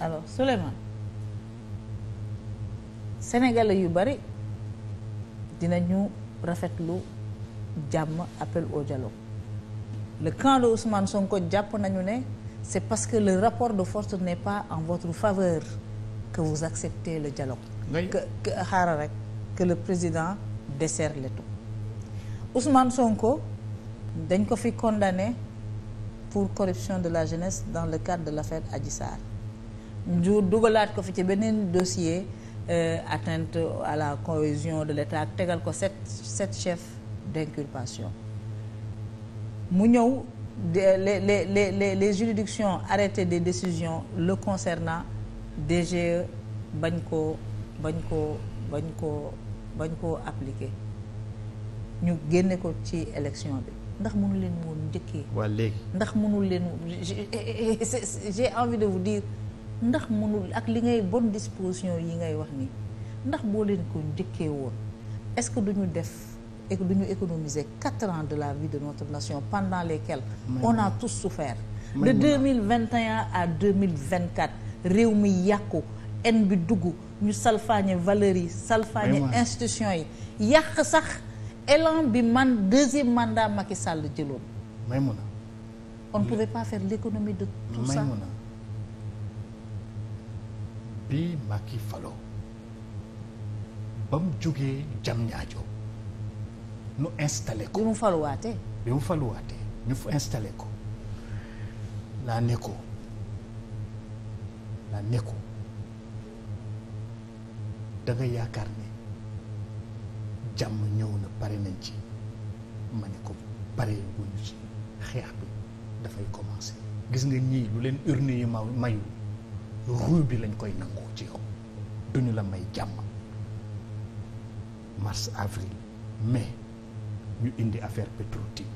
alors Souleymane sénégalais yu bari dinañu rafetlu jàmm appel au dialogue le camp de Ousmane Sonko jàpp nañu ne c'est parce que le rapport de force n'est pas en votre faveur que vous acceptez le dialogue oui. que que xaaral rek que le président desserre l'étau Ousmane Sonko dañ ko fi condamné pour corruption de la jeunesse dans le cadre de l'affaire Adji Sarr ju dugalaat ko fi ci beneen dossier euh, atteinte à la cohésion de l'État tegal ko sept sept chefs d'inculpation mu ñëw les les les les juridictions arrêtées des décisions le concernant DGE bañ ko bañ ko bañ ko bañ ko appliqué ñu génne ko ci élection bi ndax mënu leen woon njëkkee. waaw léegi ndax mënul leen j'ai envie de vous dire. ndax mënul ak li ngay bon disposition yi ngay wax ni ndax boo leen ko njëkkee woon est-ce que du ñu def du ñu duñu économiser quatre ans de la vie de notre nation pendant lesquels on a tous souffert de 2021 à 2024 réew mi yàqu en bi dugg ñu salfaañe valeur yi salfaañe institution yi yàq sax élan bi man deuxième mandat Macky Sall jëloon Maïmouna on ne pouvait pas faire l'économie de tout ça bi Macky falo ba mu jógee jam ñaajo nu installé ko. bi mu faluwaatee. bi mu faluwaatee ñu fa installé ko laa ne ko laa ne ko da yaakaar ne jàmm ñëw na pare nañ ci ma ne ko pare wuñu ci xeex bi dafay commencé. gis nga ñii lu leen urne yi ma mayul. ruu bi lañ koy nangoo ci yow duñu la may jàmm mars avril mais ñu indi affaire Petro-Tim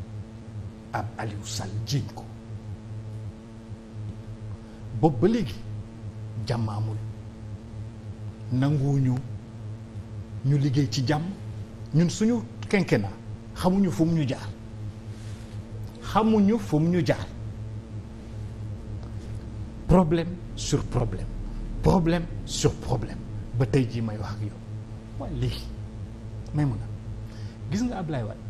ab Aliou Sall jiiñ ko boobu ba léegi jàmm amul nanguwuñu ñu liggéey ci jàmm ñun suñu kenke na xamuñu fu ñu jaar xamuñu fu ñu jaar problème sur problème problème sur problème ba tey jii may wax ak yow waaye léegi may mun a gis nga Ablaye Wade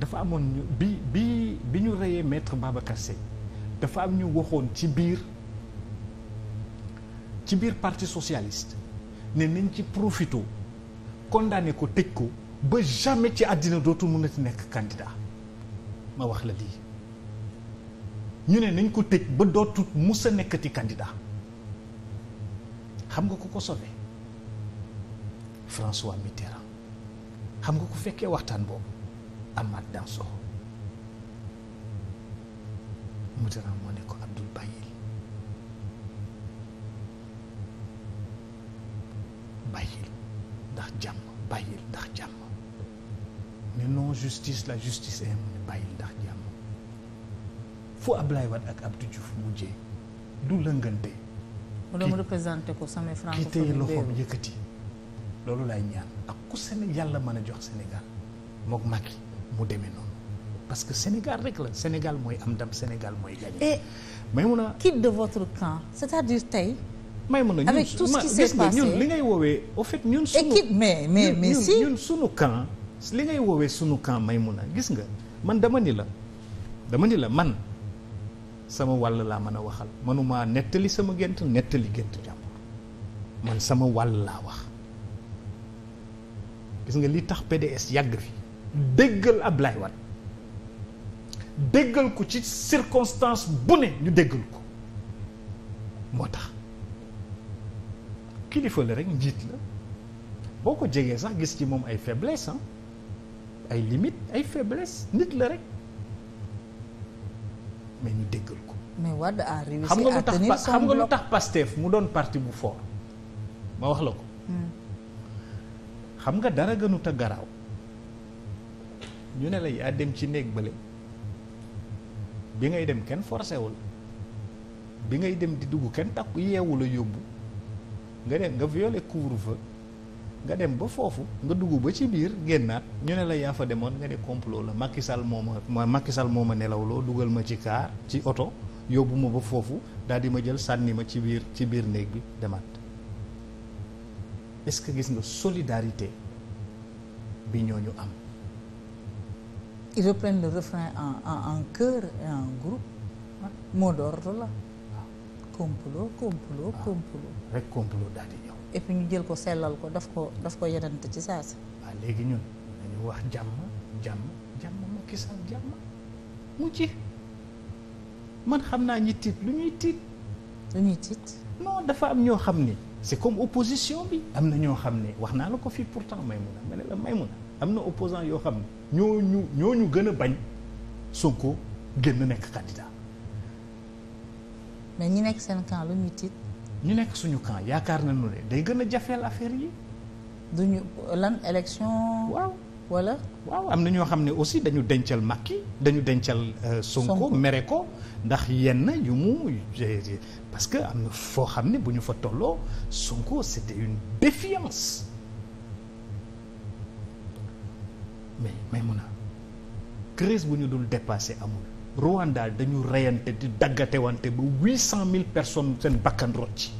dafa amoon bi bi bi ñu reyee maître Babacar dafa am ñu waxoon ci biir ci biir parti socialiste ne nañ ci profito condamné ko tëj ko ba jamais ci àddina dootu mën a nekk candidat ma wax la lii ñu ne nañ ko tëj ba dootul musa nekkati candidat xam nga ku ko sauvé François Mitterrand xam nga ku fekkee waxtaan boobu Amath Dansokho Mitterrand moo ne ko Abdoul bàyyil bàyyil ndax jàmm bàyyil ndax jàmm ne non justice la justice est bàyyil ndax fu Ablaye Wade ak Abdou Diouf mujjee du lëngante. mu doon représenté ko samay franco ki téye loxoom yëkkati loolu laay ñaan ak ku Séné yàlla mën a jox Sénégal mook Macky mu demee noonu parce que Sénégal rek la Sénégal mooy am ndam Sénégal mooy gagné. mais mun a quitte de votre camp c'est-à-dire tey. may mun a avec tout li ngay woowee au fait ñun. sunu mais mais ñun sunu camp. li ngay woowee sunu camp may mun a gis nga man dama ni la dama ni la man. sama wàll laa mën a waxal mënumaa nettali sama gént nettali gént jàmbur man sama wàll laa wax gis nga li tax PDS yàgg fi déggal Ablaye Wade déggal ko ci circonstance bu ne ñu déggal ko moo tax kilifa la rek njiit la boo ko jegee sax gis ci moom ay faiblesse ah ay limite ay faiblesse nit la rek mais ñu déggal ko. mais Wade a réussi xam nga lu tax xam fu lu tax Pastef mu doon parti bu fort ma wax la ko. Hmm. xam nga dara gënut a garaaw ñu ne lay yaa dem ci néeg bële bi ngay dem kenn forcé bi ngay dem di dugg kenn takku yeewu la yóbbu nga dem nga violé couvre-feu. nga dem ba foofu nga dugg ba ci biir génnaat ñu ne la yaa fa demoon nga ne complot la Macky Sall moo ma Macky Sall nelawloo dugal ma ci kaar ci oto yóbbu ma ba foofu daal di ma jël sànni ma ci biir ci biir néeg bi demaat est-ce que gis nga solidarité bi ñooñu am. ils reprennent le en en en chœur et en groupe. mot ah. complot complot ah. complot. rek complot daal di ñëw. et puis ñu jël ko sellal ko daf ko daf ko yenante ci saasi waaw léegi ñun dañu wax jàmm jàmm jàmm Macky Sall jàmm mu ci man xam naa ñi tiit lu ñuy tiit lu ñuy tiit non dafa am ñoo xam ne c'est comme opposition bi am na ñoo xam ne wax naa la ko fii pourtant Maymuna ma ne la Maymuna am na opposant yoo xam ne ñu ñooñu ñu gën a bañ Sonko génn nekk candidat mais ñi nekk seen camp lu ñuy tiit ñu nekk suñu camp yaakaar nañu ne day gën a jafeel affaire yi. duñu lan élection. waaw wala. waaw am na ñoo xam ne aussi dañu dencal Macky dañu dencal. Euh, Sonko mere ko ndax yenn yu mu parce que am na foo xam ne bu ñu fa tolloo Sonko c'était une défiance mais mais mun a crise bu ñu dul dépasser amul. Rwanda dañu reyante di daggatewante ba huit cent mille personnes seen bakkan ci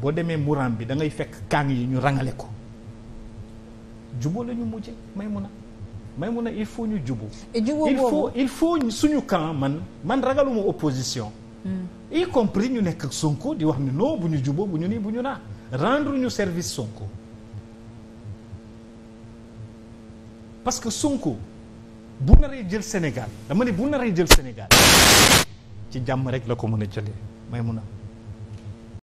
boo demee Muram bi da ngay fekk kaang yi ñu rangale ko juboo lañu ñu mujje may mun a may mun a il faut ñu jubu il faut il suñu camp man man ragaluma opposition hmm. y compris ñu nekk Sonko di wax ni non bu ñu juboo bu ñu nii bu ñu naa rendre ñu service Sonko parce que Sonko bu naree jël Sénégal dama ne bu naree jël Sénégal ci jàmm rek la ko mën a jëlee may mun a